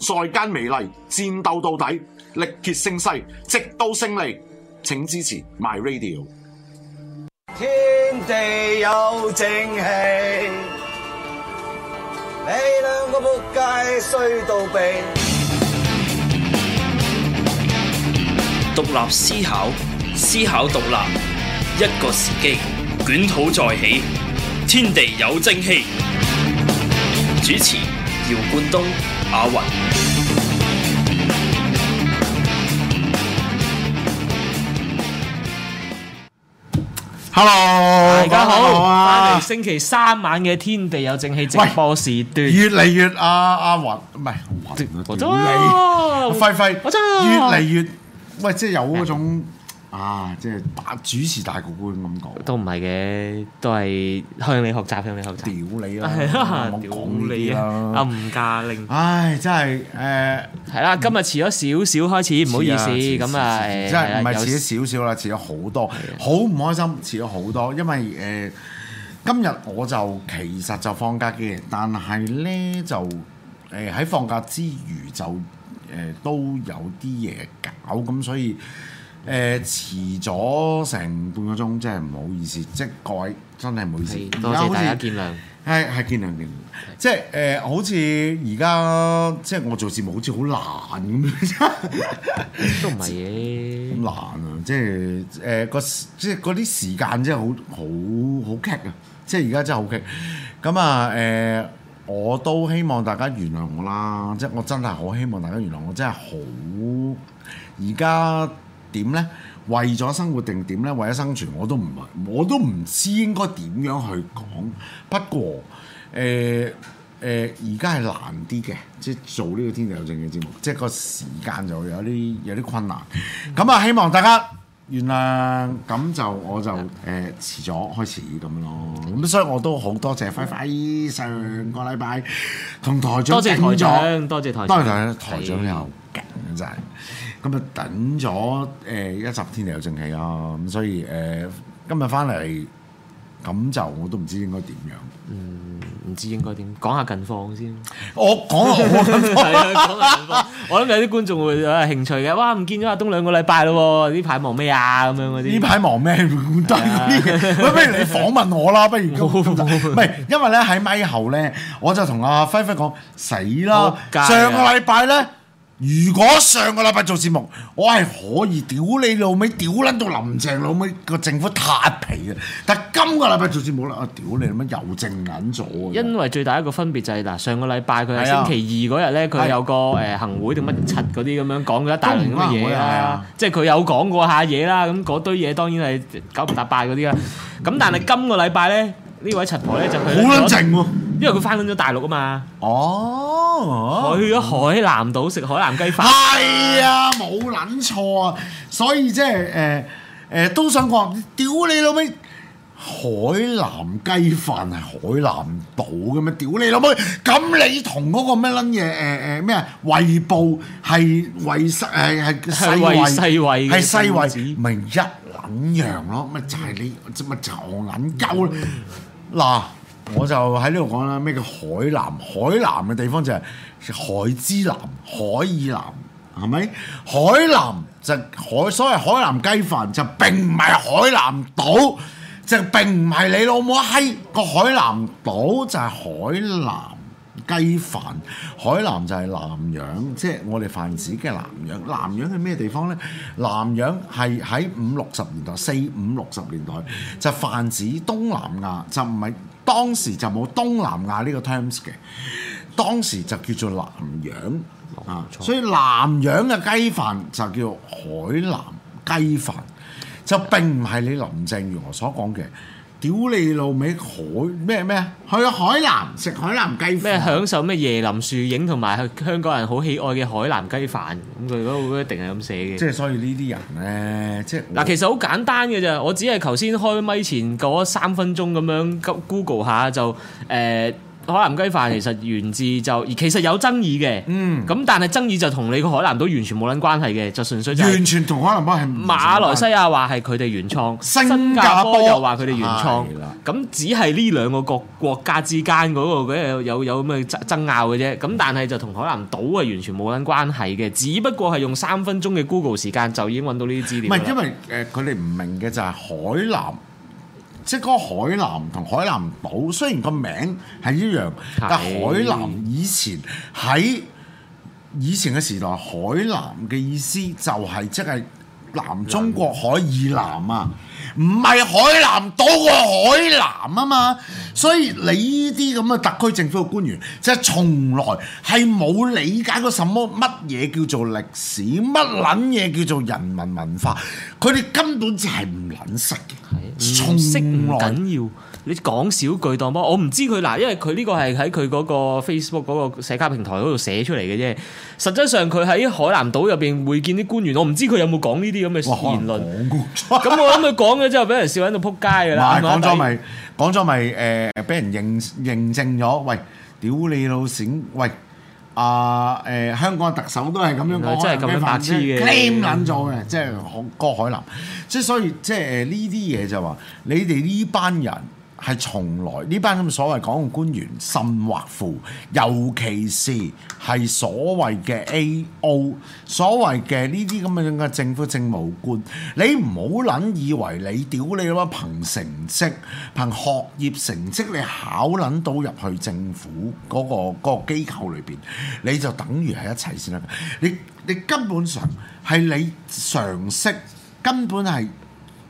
在間美麗，戰鬥到底，力竭聲勢，直到勝利，請支持 My Radio。天地有正氣，你兩個僕街衰到痹。獨立思考，思考獨立，一個時機，捲土再起。天地有正氣。主持：姚冠東。阿云，Hello，大家好，啊，星期三晚嘅天地有正氣直播時段，越嚟越阿阿云，唔係，我做你，輝輝，我做，越嚟越，喂，即係有嗰種。啊！即係大主持大局哥咁講，都唔係嘅，都係向你學習，向你學習。屌你啊！屌你啊！冇講呢啲啦。暗價令。唉，真係誒，係、呃、啦。今日遲咗少少開始，唔好意思。咁啊了，真係唔係遲咗了、欸、少少啦，遲咗好多，好唔了開心，遲咗好多。因為誒、呃，今日我就其實就放假嘅，但係咧就誒喺放假之餘就誒都有啲嘢搞，咁所以。所以誒、呃、遲咗成半個鐘，真係唔好意思，即係各位真係唔好意思。係多謝大家見諒，係係見諒見諒。見諒係即係誒、呃，好似而家即係我做節目好似好難咁，都唔係好難啊！即係誒個即係嗰啲時間真係，即係好好好劇啊！即係而家真係好劇。咁啊誒，我都希望大家原諒我啦，即係我真係好希望大家原諒我，我真係好而家。點咧？為咗生活定點呢？為咗生，生存，我都唔，我都唔知應該點樣去講。不過，誒、呃、誒，而家係難啲嘅，即係做呢個天地友政嘅節目，即係個時間就有啲有啲困難。咁啊，希望大家原諒，咁就我就誒、 呃、遲咗開始咁咯。咁所以我都好多謝輝輝上個禮拜同台長，多謝台長，多謝台長，多謝台長又勁真係。咁啊等咗誒一集《天地有正氣》啊，咁所以誒今日翻嚟咁就我都唔知應該點樣，唔唔、嗯、知應該點講下近況先。我講我近況 講我諗 有啲觀眾會有興趣嘅。哇，唔見咗阿東兩個禮拜咯，呢排忙咩啊？咁樣嗰啲。呢排忙咩？喂，不如你訪問我啦，不如。唔係， 因為咧喺咪後咧，我就同阿輝輝講死啦，上個禮拜咧。如果上個禮拜做節目，我係可以屌你老味，屌撚到林鄭老味個政府太皮啦！但係今個禮拜做節目啦，我、啊、屌你，乜又靜撚咗啊？因為最大一個分別就係、是、嗱，上個禮拜佢係星期二嗰日咧，佢的有個誒行會定乜柒嗰啲咁樣講嘅一大輪嘅嘢啦，即係佢有講過下嘢啦，咁嗰堆嘢當然係九唔搭八嗰啲啦。咁但係今個禮拜咧，呢的位柒婆咧就係好撚靜、啊。因為佢翻撚咗大陸啊嘛，哦，去咗海南島食海南雞飯，係啊，冇撚錯啊，所以即係誒誒都想講，屌你老味，海南雞飯係海南島嘅咩？屌你老味，咁你同嗰個咩撚嘢誒誒咩啊？衛部係衛世係係世衛，係世衛，唔係一撚樣咯，咪就係你，即咪就撚鳩啦，嗱。我就喺呢度講啦，咩叫海南？海南嘅地方就係海之南、海以南，係咪？海南就海，所謂海南雞飯就並唔係海南島，就並唔係你老母閪個海南島就係海南雞飯。海南就係南洋，即係我哋泛指嘅南洋。南洋係咩地方呢？南洋係喺五六十年代、四五六十年代就泛指東南亞，就唔係。當時就冇東南亞呢個 terms 嘅，當時就叫做南洋啊，嗯、所以南洋嘅雞飯就叫海南雞飯，就並唔係你林鄭月娥所講嘅。屌你老味海咩咩去海南食海南雞飯。咩享受咩椰林樹影同埋香港人好喜愛嘅海南雞飯？咁佢嗰個一定係咁寫嘅。即係所以呢啲人咧，即係嗱，其實好簡單嘅咋。我只係頭先開咪前嗰三分鐘咁樣 Google 下就誒。呃海南雞飯其實源自就，其實有爭議嘅，嗯，咁但係爭議就同你個海南島完全冇撚關係嘅，就純粹就完全同海南島係馬來西亞話係佢哋原創，新加坡又話佢哋原創，咁的只係呢兩個國國家之間嗰、嗰個嗰有有咩爭拗嘅啫，咁但係就同海南島係完全冇撚關係嘅，只不過係用三分鐘嘅 Google 時間就已經揾到呢啲資料。唔係，因為佢哋唔明嘅就係海南。即嗰海南同海南島，雖然個名係一樣，是的 但海南以前喺以前嘅時代，海南嘅意思就係、是、即係南中國海以南啊，唔係海南島嘅、啊、海南啊嘛。所以你呢啲咁嘅特區政府嘅官員，即、就、係、是、從來係冇理解過什麼乜嘢叫做歷史，乜撚嘢叫做人民文化，佢哋根本就係唔撚識嘅。色唔緊要，你講少句當乜？我唔知佢嗱，因為佢呢個係喺佢嗰個 Facebook 嗰個社交平台嗰度寫出嚟嘅啫。實質上佢喺海南島入邊會見啲官員，我唔知佢有冇講呢啲咁嘅言論。咁 我諗佢講咗之後，俾人笑喺度撲街噶啦。講咗咪講咗咪誒，俾人認認證咗。喂，屌你老死！喂。啊！誒、呃，香港特首都係咁樣講，即係咁樣白痴嘅 claim 緊咗嘅，即係、嗯、郭海林，即係、嗯、所以即係誒呢啲嘢就話、係呃， 你哋呢班人。係從來呢班咁所謂港澳官員甚或乎，尤其是係所謂嘅 A.O.，所謂嘅呢啲咁嘅政府政務官，你唔好諗以為你屌你啦，憑成績、憑學業成績你考撚到入去政府嗰個嗰個機構裏邊，你就等於係一齊先得。你你根本上係你常識，根本係。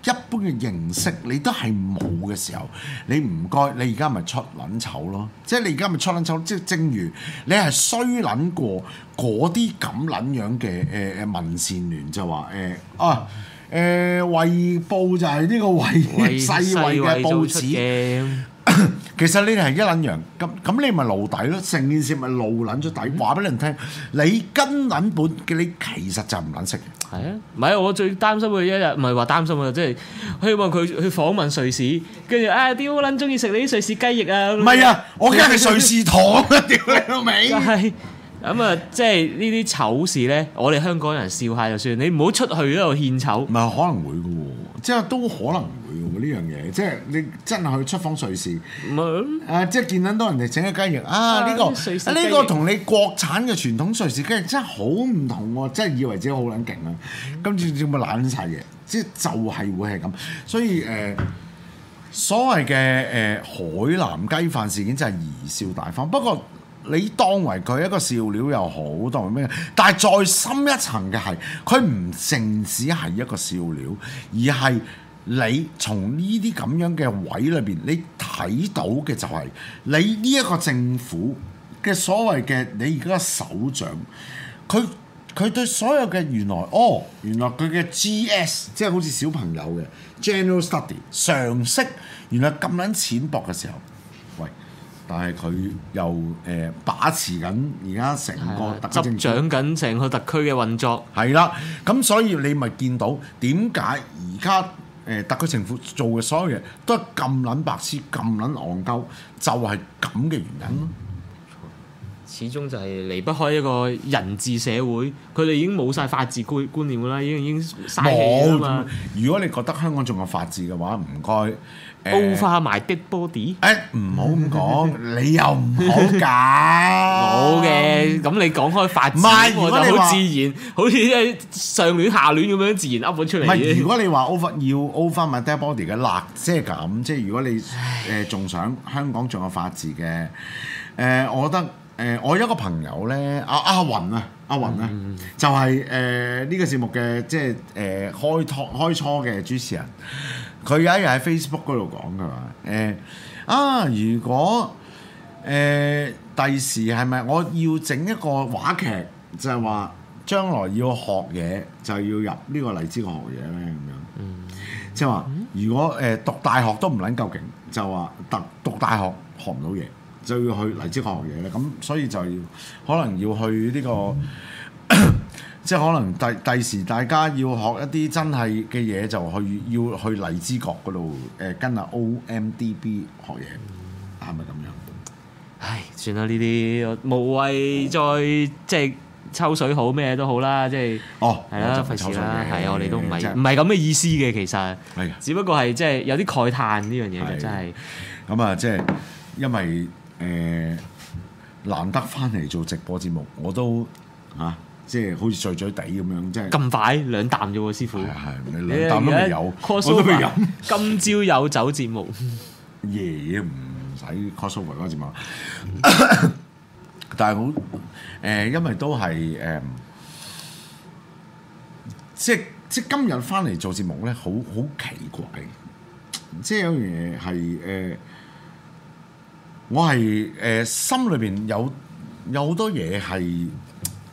一般嘅認識你都係冇嘅時候，你唔該，你而家咪出撚醜咯！即係你而家咪出撚醜，即係正如你係衰撚過嗰啲咁撚樣嘅誒誒文善聯就話誒、欸、啊誒，衛、欸、報就係呢個衛世衛嘅報紙，其實你哋係一撚樣，咁咁你咪露底咯，成件事咪露撚咗底，話俾人聽，你跟撚本嘅你其實就唔撚識。係啊，唔係啊，我最擔心佢一日，唔係話擔心啊，即係希望佢去訪問瑞士，跟住啊啲烏卵中意食你啲瑞士雞翼啊！唔係啊，樣我驚係瑞士糖啊！屌你老味！但係咁啊，即係呢啲醜事咧，我哋香港人笑下就算，你唔好出去喺度獻醜。唔係可能會嘅喎，即係都可能。呢樣嘢，即係你真係去出訪瑞士，嗯、啊，即係見到多人哋整嘅雞翼啊！呢、這個呢個同你國產嘅傳統瑞士雞翼真係好唔同喎，真係、啊、以為自己好撚勁啦！跟住仲要攬晒嘢，即係就係、是、會係咁。所以誒、呃，所謂嘅誒海南雞飯事件真係貽笑大方。不過你當為佢一個笑料又好，當為咩？但係再深一層嘅係，佢唔淨止係一個笑料，而係。而你從呢啲咁樣嘅位裏邊，你睇到嘅就係你呢一個政府嘅所謂嘅你而家嘅首長，佢佢對所有嘅原來哦，原來佢嘅 GS 即係好似小朋友嘅 General Study 常識，原來咁撚淺薄嘅時候，喂！但係佢又誒、呃、把持緊而家成個執掌緊成個特區嘅運作，係啦。咁所以你咪見到點解而家？誒特區政府做嘅所有嘢都係咁撚白痴，咁撚戇鳩，就係咁嘅原因咯。始終就係離不開一個人治社會，佢哋已經冇晒法治觀觀念噶啦，已經已經嘥氣啊嘛。如果你覺得香港仲有法治嘅話，唔該。over my dead body？誒唔好咁講， 你又唔好解。冇嘅，咁你講開法治，我就好自然，好似上聯下聯咁樣自然噏咗出嚟。如果你話 over 要 over my dead body 嘅辣，即係咁，即、就、係、是、如果你誒仲、呃、想香港仲有法治嘅，誒、呃、我覺得誒、呃、我有一個朋友咧，阿、啊、阿、啊、雲啊，阿、啊、雲啊，就係誒呢個節目嘅即係誒開拓開初嘅主持人。佢有一日喺 Facebook 嗰度講嘅嘛，誒、欸、啊！如果誒第時係咪我要整一個話劇，就係話將來要學嘢就要入呢個荔枝角學嘢咧咁樣，即係話如果誒、呃、讀大學都唔撚夠勁，就話讀讀大學學唔到嘢，就要去荔枝角學嘢咧，咁所以就要可能要去呢個。嗯 即係可能第第時，大家要學一啲真係嘅嘢，就去要去荔枝角嗰度誒，跟阿 O M D B 學嘢，係咪咁樣？唉，算啦，呢啲無謂再即係抽水好咩都好啦，即係哦，係啦了，費事啦，係我哋都唔係唔係咁嘅意思嘅，其實係、啊、只不過係、就是、是即係有啲慨嘆呢樣嘢就真係咁啊！即係是是因為誒難得翻嚟做直播節目，我都嚇。啊即係好似醉醉地咁樣，即係咁快兩啖啫喎，師傅。係係、哎，兩啖都未有，我都未飲。今朝有酒節目，爺爺唔使 cosplay 嗰個節目。 但係好誒，因為都係誒、呃，即係即係今日翻嚟做節目咧，好好奇怪嘅。即係有樣嘢係誒，我係誒、呃、心裏邊有有好多嘢係。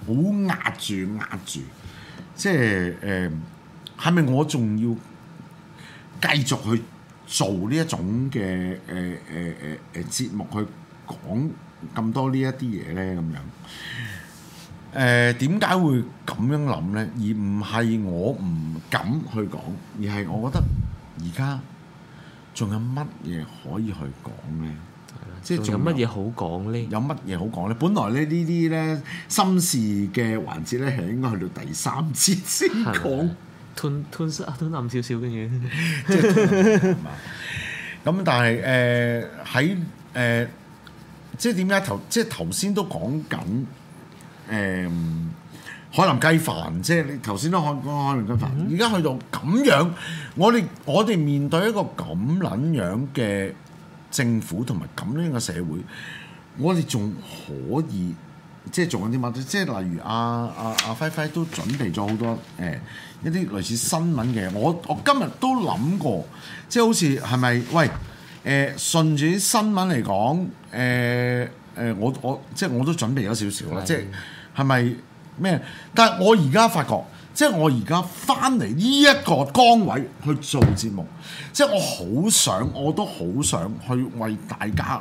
好壓住壓住，即係誒，係咪我仲要繼續去做呢一種嘅誒誒誒誒節目去講咁多呢一啲嘢呢？咁樣誒點解會咁樣諗呢？而唔係我唔敢去講，而係我覺得而家仲有乜嘢可以去講呢？即係仲有乜嘢好講呢？有乜嘢好講呢？本來咧呢啲咧心事嘅環節咧，係應該去到第三節先講，吞吞塞吞南少少嘅嘢。咁 但係誒喺誒，即係點解頭？即係頭先都講緊誒海南雞飯，即係你頭先都講講海南雞飯，而家、嗯、哼去到咁樣，我哋我哋面對一個咁撚樣嘅。政府同埋咁樣嘅社會，我哋仲可以即係做緊啲乜？即係例如阿阿阿輝輝都準備咗好多誒、欸、一啲類似新聞嘅。我我今日都諗過，即係好似係咪？喂誒、呃，順住啲新聞嚟講誒誒、欸呃，我我即係我都準備咗少少啦。的即係係咪咩？但係我而家發覺。即係我而家翻嚟呢一個崗位去做節目，即係我好想，我都好想去為大家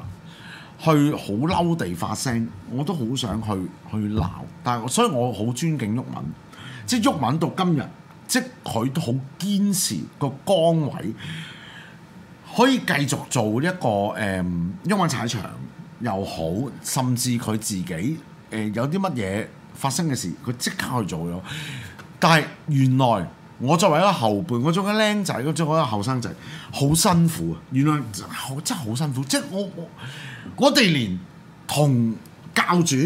去好嬲地發聲，我都好想去去鬧。但係所以我好尊敬毓民。即係毓民到今日，即佢都好堅持個崗位可以繼續做一個誒毓民踩場又好，甚至佢自己誒、呃、有啲乜嘢發生嘅事，佢即刻去做咗。但係原來我作為一個後輩，我作為僆仔，我作為一個後生仔，好辛苦啊！原來好真係好辛苦，即係我我哋連同教主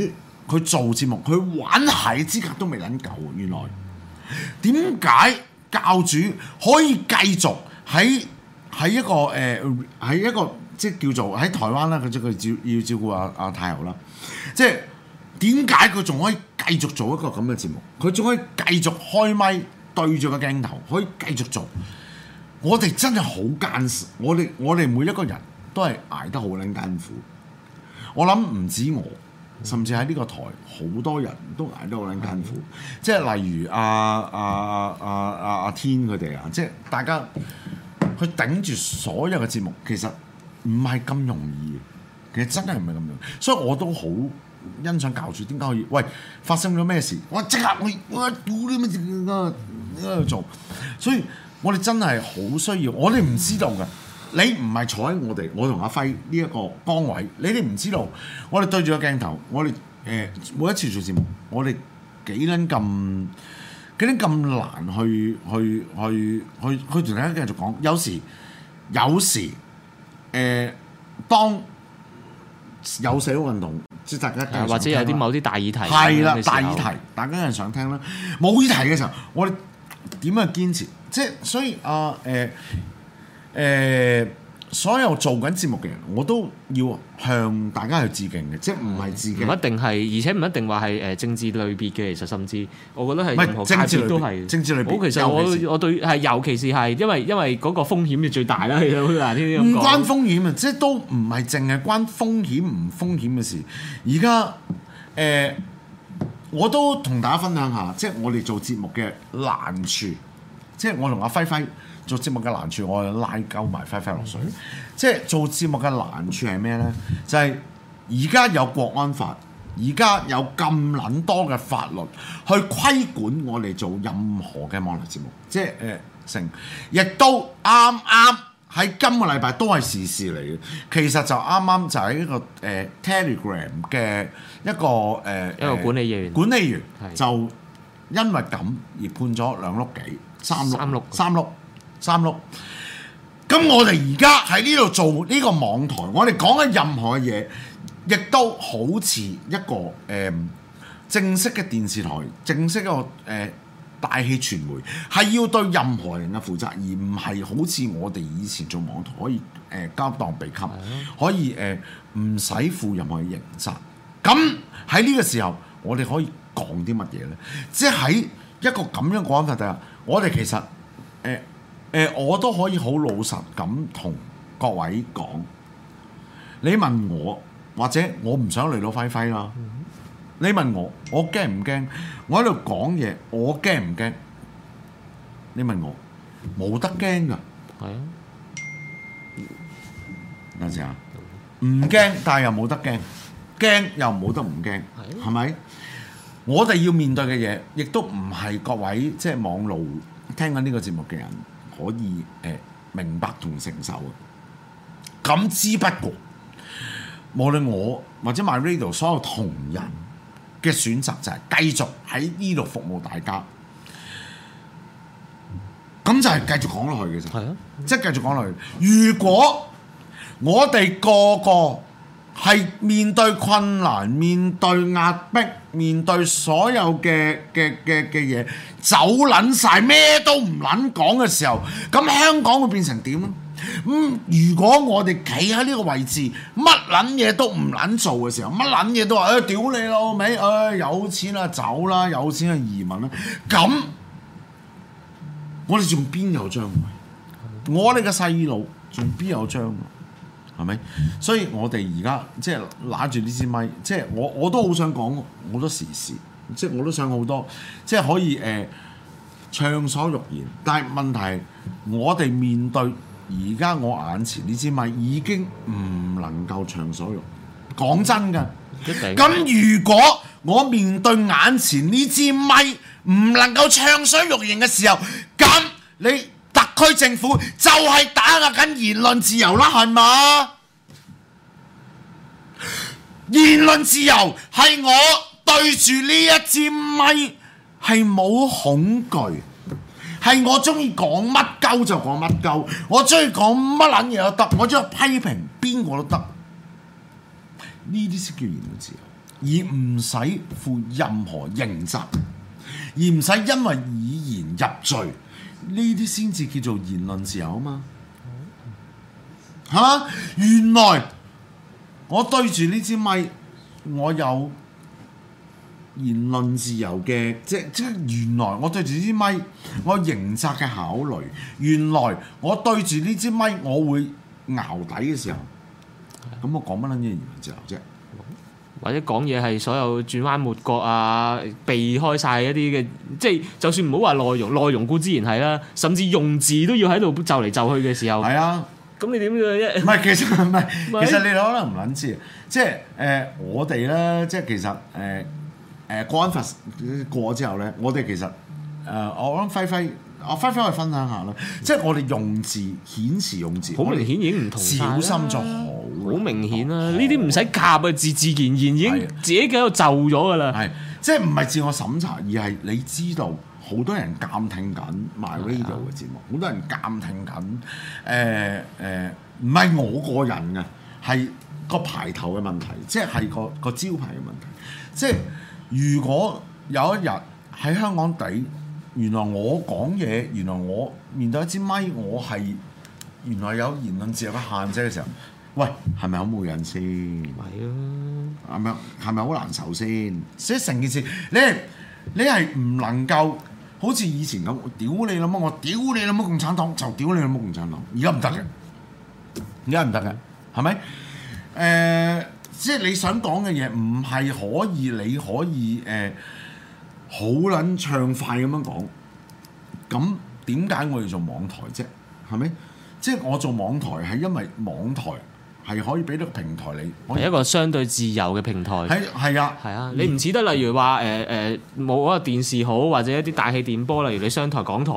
佢做節目、佢玩鞋之格都未撚夠。原來點解教主可以繼續喺喺一個誒喺一個即係叫做喺台灣啦，佢即係要照顧阿阿太后啦，即係。點解佢仲可以繼續做一個咁嘅節目？佢仲可以繼續開咪對住個鏡頭，可以繼續做。我哋真係好艱辛，我哋我哋每一個人都係捱得好撚艱苦。我諗唔止我，甚至喺呢個台好多人都捱得好撚艱苦。即係的例如阿阿阿阿天佢哋啊，即、啊、係、啊啊啊、大家佢頂住所有嘅節目，其實唔係咁容易，其實真係唔係咁容易，所以我都好。欣賞教主點解可以？喂，發生咗咩事？我即刻去，我做啲乜嘢啊？喺度做，所以我哋真係好需要。我哋唔知道嘅，你唔係坐喺我哋，我同阿輝呢一個崗位，你哋唔知道。我哋對住個鏡頭，我哋誒、呃、每一次做節目，我哋幾撚咁幾撚咁難去去去去去同大家繼續講。有時有時誒、呃，當有社會運動，即係大家，或者有啲某啲大議題，係啦的，大議題，大家有人想聽啦。冇議題嘅時候，我哋點樣堅持？即係所以啊，誒、呃、誒。呃呃所有做緊節目嘅人，我都要向大家去致敬嘅，即係唔係致敬？唔、嗯、唔一定係，而且唔一定話係誒政治類別嘅。其實甚至我覺得係任何界別都係。政治類別，其實其我我對係，尤其是係因為因為嗰個風險嘅最大啦。唔、嗯、唔關風險啊，即係都唔係淨係關風險唔風險嘅事。而家誒，我都同大家分享下，即係我哋做節目嘅難處。即係我同阿輝輝。做節目嘅難處，我拉鳩埋輝輝落水。即係做節目嘅難處係咩呢？就係而家有國安法，而家有咁撚多嘅法律去規管我哋做任何嘅網絡節目。即係誒、呃、成，亦都啱啱喺今個禮拜都係時事嚟嘅。其實就啱啱就喺一個誒、呃、Telegram 嘅一個誒、呃、一個管理員，管理員就因為咁而判咗兩碌幾三碌三碌個。三碌，咁我哋而家喺呢度做呢個網台，我哋講緊任何嘢，亦都好似一個誒、呃、正式嘅電視台，正式一個、呃、大氣傳媒，係要對任何人嘅負責，而唔係好似我哋以前做網台可以誒交當被吸，可以誒唔使負任何嘅刑責。咁喺呢個時候，我哋可以講啲乜嘢呢？即係一個咁樣講法底下，我哋其實、呃我都可以好老實咁同各位講，你問我，或者我唔想嚟到輝輝啦。你問我，我驚唔驚？我喺度講嘢，我驚唔驚？你問我，冇得驚噶。係啊。等陣啊，唔驚，但係又冇得驚，驚又冇得唔驚，係咪、啊？我哋要面對嘅嘢，亦都唔係各位即係、就是、網路聽緊呢個節目嘅人。可以誒明白同承受啊！咁之不過，無論我或者 MyRadio 所有同仁嘅選擇就係繼續喺呢度服務大家。咁、嗯、就係繼續講落去嘅啫，即係、啊、繼續講落去。如果我哋個個，係面對困難、面對壓迫、面對所有嘅嘅嘅嘅嘢，走撚晒咩都唔撚講嘅時候，咁香港會變成點呢？嗯，如果我哋企喺呢個位置，乜撚嘢都唔撚做嘅時候，乜撚嘢都話誒屌你老味，誒有錢啦走啦，有錢去移民啦，咁我哋仲邊有將來？我哋嘅細路仲邊有將來？係咪？所以我哋而家即係揦住呢支咪，即係我我都好想講好多時事，即係我都想好多，即係可以誒暢所欲言。但係問題，我哋面對而家我眼前呢支咪已經唔能夠暢所欲言。講真㗎，一定。咁如果我面對眼前呢支咪唔能夠暢所欲言嘅時候，咁你？區政府就係打壓緊言論自由啦，係嘛？言論自由係我對住呢一支咪，係冇恐懼，係我中意講乜鳩就講乜鳩，我中意講乜捻嘢，都得，我中意批評邊個都得，呢啲先叫言論自由，而唔使負任何刑責，而唔使因為以言入罪。呢啲先至叫做言論自由啊嘛吓！原來我對住呢支咪，我有言論自由嘅，即即係原來我對住呢支咪，我刑責嘅考慮。原來我對住呢支咪，我會淆底嘅時候，咁我講乜撚嘢言論自由啫？或者講嘢係所有轉彎抹角啊，避開晒一啲嘅，即係就算唔好話內容，內容固之然係啦，甚至用字都要喺度就嚟就去嘅時候。係啊，咁你點樣？唔係其實唔係，是其實你可能唔撚知，即係誒、呃、我哋咧，即係其實誒誒、呃、過完國安法之後咧，我哋其實誒、呃、我諗輝輝，我輝輝去分享下啦，即係我哋用字顯示用字，好明顯已經唔同。小心做。好明顯啦、啊！呢啲唔使夾啊，的自自然然已經自己喺度就咗噶啦。係即係唔係自我審查，而係你知道好多人監聽緊 MyRadio 呢度嘅節目，好的多人監聽緊。誒、呃、誒，唔、呃、係我個人嘅，係個牌頭嘅問題，即、就、係、是個、個招牌嘅問題。即、就、係、是、如果有一日喺香港地，原來我講嘢，原來我面對一支咪，我係原來有言論自由嘅限制嘅時候。喂，係咪好冇癮先？唔係啊！咁樣係咪好難受先？即係成件事，你你係唔能夠好似以前咁屌你老母，我屌你老母共產黨，就屌你老母共產黨，而家唔得嘅，而家唔得嘅，係咪、嗯？誒、呃，即係你想講嘅嘢唔係可以，你可以誒好撚暢快咁樣講。咁點解我要做網台啫？係咪？即係我做網台係因為網台。係可以俾到平台你，係一個相對自由嘅平台。係係啊，係啊，你唔似得例如話誒誒冇嗰個電視好，或者一啲大氣電波，例如你商台、港台，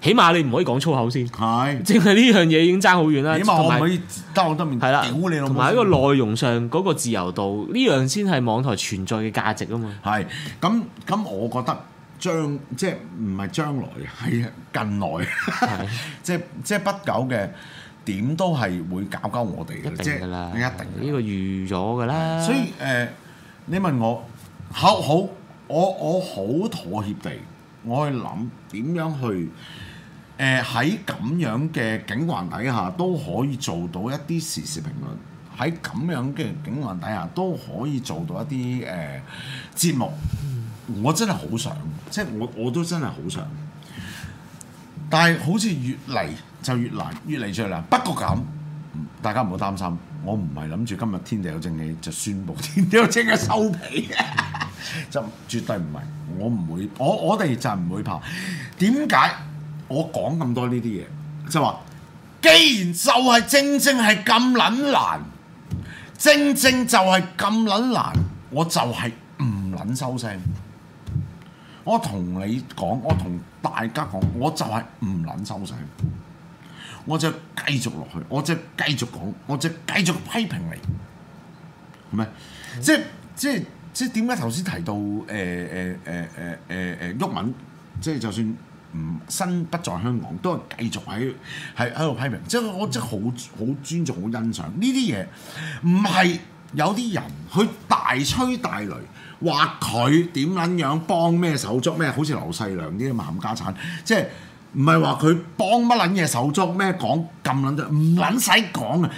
起碼你唔可以講粗口先。係的，正係呢樣嘢已經爭好遠啦。起碼我唔可以得我得面。係啦的，屌你同埋喺個內容上嗰個自由度，呢樣先係網台存在嘅價值啊嘛。係，咁咁我覺得將即係唔係將來，係近來，即係即係不久嘅。 點都係會搞搞我哋嘅，一定呢個預咗㗎啦。所以誒、呃，你問我好好，我我好妥協地，我去諗點樣去誒喺咁樣嘅境環底下都可以做到一啲時事評論，喺咁樣嘅境環底下都可以做到一啲誒、呃、節目。嗯、我真係好想，即、就、係、是、我我都真係好想。但係好似越嚟就越難，越嚟越難。不過咁，大家唔好擔心，我唔係諗住今日天，天地有正氣就宣布天地有正氣收皮， 就絕對唔係。我唔會，我我哋就係唔會怕。點解我講咁多呢啲嘢？即係話，既然就係正正係咁撚難，正正就係咁撚難，我就係唔撚收聲。我同你講，我同大家講，我就係唔撚收聲，我就繼續落去，我就繼續講，我就繼續批評你，係咪、嗯？即即即點解頭先提到誒誒誒誒誒誒毓民？即就算唔身不在香港，都係繼續喺喺喺度批評。嗯、即我即好好尊重、好欣賞呢啲嘢，唔係有啲人佢大吹大擂。話佢點撚樣幫咩手足咩，好似劉世良啲冚家產，即係唔係話佢幫乜撚嘢手足咩，講咁撚多，唔撚使講啊！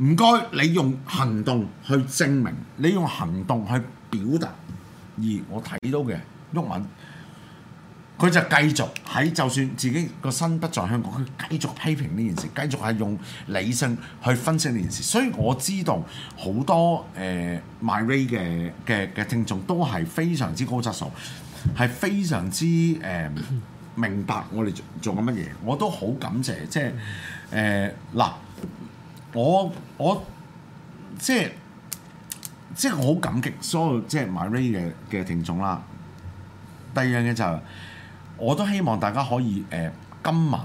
唔該，用你用行動去證明，你用行動去表達，而我睇到嘅鬱敏。佢就繼續喺就算自己個身不在香港，佢繼續批評呢件事，繼續係用理性去分析呢件事。所以我知道好多誒、呃、MyRadio 嘅嘅嘅聽眾都係非常之高質素，係非常之誒、呃、明白我哋做做緊乜嘢。我都好感謝，即係誒嗱，我我即係即係我好感激所有即係、就是、MyRadio 嘅嘅聽眾啦。第二樣嘢就係、是。我都希望大家可以誒、呃、今晚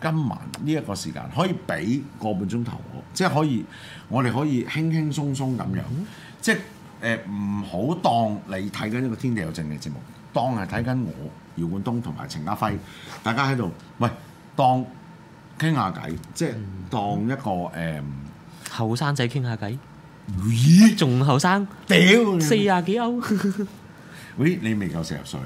今晚呢一個時間可以俾個半鐘頭我，即係可以我哋可以輕輕鬆鬆咁樣，嗯、即係誒唔好當你睇緊呢個天地有正嘅節目，當係睇緊我、嗯、姚冠東同埋陳嘉輝，大家喺度喂當傾下偈，即係當一個誒後生仔傾下偈，呃、聊聊咦仲後生，屌咦四廿幾歐， 咦你未夠四十歲？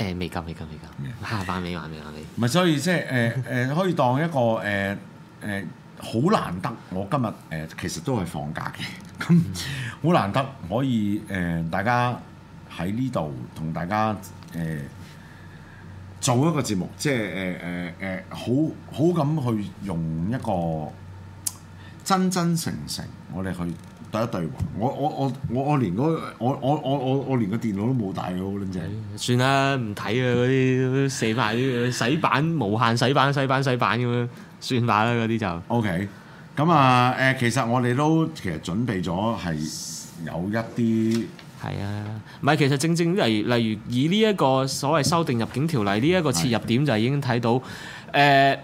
誒、嗯、未夠未夠未夠，下扮 Yeah.、啊、未扮未扮未，咪 所以即係誒誒，可以當一個誒誒，好、呃、難得我今日誒、呃，其實都係放假嘅，咁 好難得可以誒、呃，大家喺呢度同大家誒、呃、做一個節目，即係誒誒誒，好好咁去用一個真真誠誠，我哋去。第一對我我我我我連嗰我我我我我連個電腦都冇帶嘅，我撚算啦，唔睇啊，嗰啲四塊洗板無限洗板洗板洗板咁樣算法啦，嗰啲就 OK。咁啊誒，其實我哋都其實準備咗係有一啲係啊，唔係其實正正例如例如以呢一個所謂修訂入境條例呢一個切入點，就已經睇到誒好的、呃、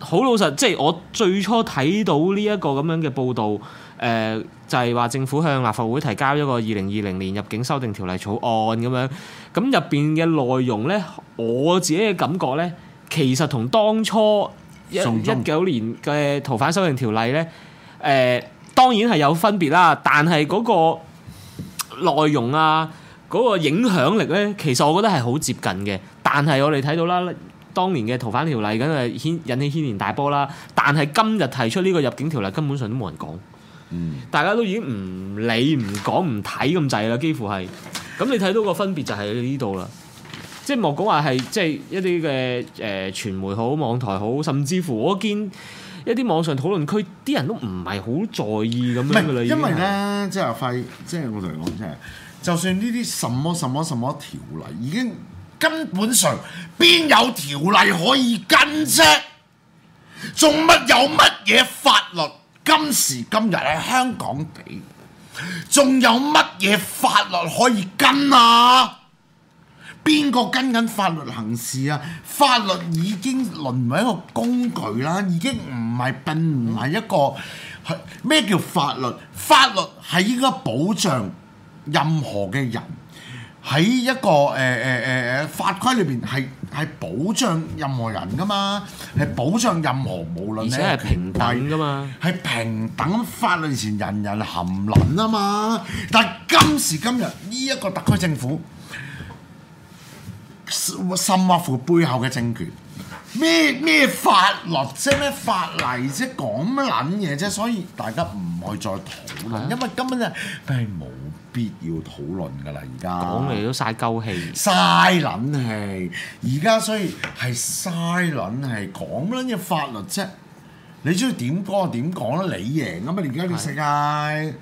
老實，即係我最初睇到呢一個咁樣嘅報導。誒、呃、就係、是、話政府向立法會提交一個二零二零年入境修訂條例草案咁樣，咁入邊嘅內容呢，我自己嘅感覺呢，其實同當初一九送中 年嘅逃犯修訂條例呢，誒、呃、當然係有分別啦，但係嗰個內容啊，嗰、嗰個影響力呢，其實我覺得係好接近嘅。但係我哋睇到啦，當年嘅逃犯條例梗係牽引起牽連大波啦，但係今日提出呢個入境條例根本上都冇人講。大家都已經唔理、唔講、唔睇咁滯啦，幾乎係咁。你睇到個分別就係呢度啦，即係莫講話係即係一啲嘅誒傳媒好、網台好，甚至乎我見一啲網上討論區啲人都唔係好在意咁樣噶啦。唔係因為咧，即係費，即係我同你講，即係就算呢啲什麼什麼什麼條例已經根本上邊有條例可以跟啫，仲乜有乜嘢法律？今時今日喺香港地，仲有乜嘢法律可以跟啊？邊個跟緊法律行事啊？法律已經淪為一個工具啦，已經唔係並唔係一個咩叫法律？法律係應該保障任何嘅人。喺一個誒誒誒誒法規裏邊係係保障任何人噶嘛，係保障任何無論，而且係平等噶嘛，係平等法律以前人人含撚啊嘛。但今時今日呢一、這個特區政府甚或乎背後嘅政權，咩咩法律啫咩法例啫講乜撚嘢啫？所以大家唔去再討論，啊、因為根本就係冇。必要討論噶啦，而家講嚟都晒鳩氣，氣，嘥撚氣。而家所以係嘥撚，係講撚嘅法律啫。你中意點講點講啦，你贏啊嘛？你而家你食係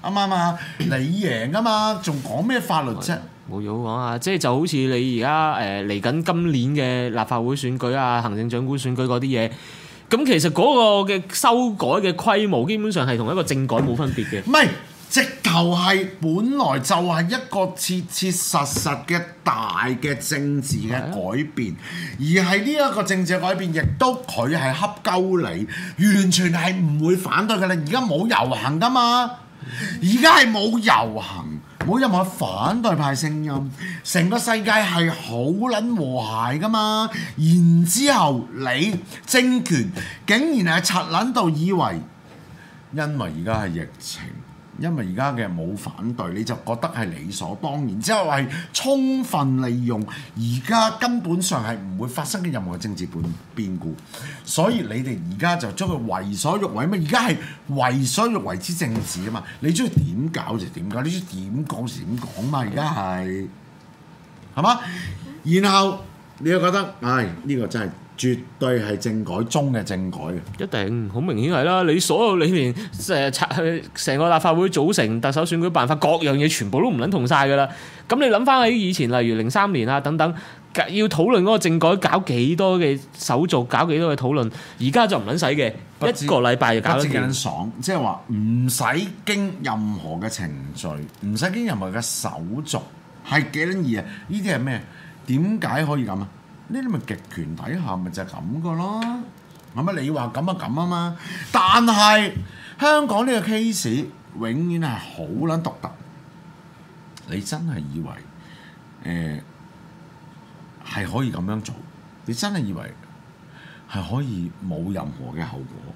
啱啱啊？你贏啊嘛，仲講咩法律啫？冇嘢好講啊！即係就好似你而家誒嚟緊今年嘅立法會選舉啊、行政長官選舉嗰啲嘢。咁其實嗰個嘅修改嘅規模，基本上係同一個政改冇分別嘅。唔係。直頭係，本來就係一個切切實實嘅大嘅政治嘅改變，的而係呢一個政治改變，亦都佢係恰鳩你，完全係唔會反對㗎啦。而家冇遊行㗎嘛，而家係冇遊行，冇任何反對派聲音，成個世界係好撚和諧㗎嘛。然之後你，你政權竟然係柒撚到以為，因為而家係疫情。因為而家嘅冇反對，你就覺得係理所當然，之後係充分利用而家根本上係唔會發生嘅任何政治變變故，所以你哋而家就將佢為所欲為啊嘛！而家係為所欲為之政治啊嘛！你中意點搞就點搞，你中意點講就點講嘛！而家係係嘛？然後你又覺得唉，呢個真係。絕對係政改中嘅政改嘅，一定好明顯係啦。你所有裡面誒拆去成個立法會組成特首選舉辦法，各樣嘢全部都唔撚同晒㗎喇。咁你諗返起以前，例如零三年啊等等，要討論嗰個政改，搞幾多嘅手續，搞幾多嘅討論，而家就唔撚使嘅。知一個禮拜就搞得幾撚爽，即係話唔使經任何嘅程序，唔使經任何嘅手續，係幾撚易啊？呢啲係咩？點解可以咁啊？呢啲咪極權底下咪就係咁個咯，咁啊你話咁啊咁啊嘛，但係香港呢個 case 永遠係好撚獨特，你真係以為誒係、呃、可以咁樣做？你真係以為係可以冇任何嘅後果？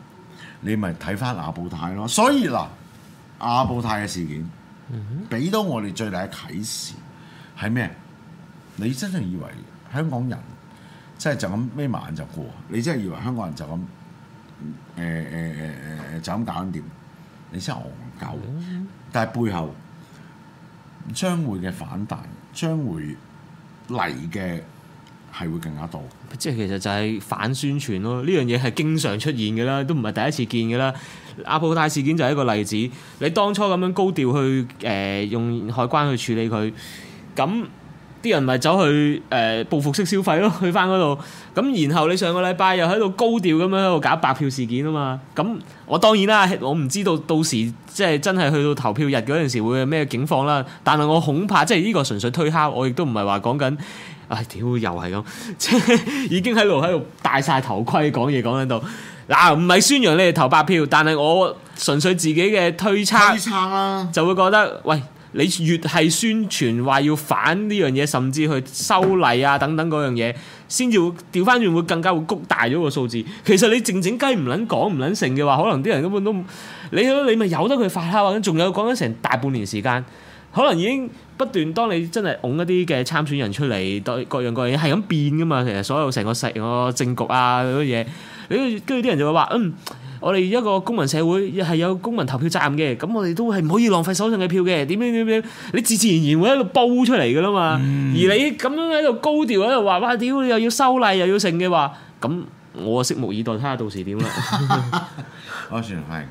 你咪睇翻阿布泰咯。所以嗱，阿布泰嘅事件俾到我哋最大嘅啟示係咩？你真係以為香港人？即係就咁眯埋眼就過，你真係以為香港人就咁誒誒誒誒就咁搞掂？你真係憨鳩！但係背後將會嘅反彈，將會嚟嘅係會更加多。即係其實就係反宣傳咯，呢樣嘢係經常出現嘅啦，都唔係第一次見嘅啦。阿布泰事件就係一個例子。你當初咁樣高調去誒、呃、用海關去處理佢，咁。啲人咪走去誒、呃、報復式消費咯，去翻嗰度咁，然後你上個禮拜又喺度高調咁樣喺度搞白票事件啊嘛，咁我當然啦，我唔知道到時即係真係去到投票日嗰陣時會有咩境況啦，但係我恐怕即係呢個純粹推敲，我亦都唔係話講緊，唉、哎，屌又係咁， 已經喺度，喺度戴晒頭盔講嘢講緊到，嗱唔係宣揚你哋投白票，但係我純粹自己嘅推測，推測啊、就會覺得喂。你越係宣傳話要反呢樣嘢，甚至去修例啊等等嗰樣嘢，先至調翻轉會更加會谷大咗個數字。其實你靜靜雞唔撚講唔撚成嘅話，可能啲人根本都你你咪由得佢發酵，或者仲有講緊成大半年時間，可能已經不斷當你真係拱一啲嘅參選人出嚟，對各樣各樣嘢係咁變噶嘛。其實所有成個成個政局啊嗰啲嘢，你跟住啲人就會話嗯。我哋一個公民社會，係有公民投票責任嘅，咁我哋都係唔可以浪費手上嘅票嘅。點點點點，你自自然然會喺度煲出嚟噶啦嘛。嗯、而你咁樣喺度高調喺度話，哇！屌，你又要收禮又要剩嘅話，咁我拭目以待，睇下到時點啦。 我認為。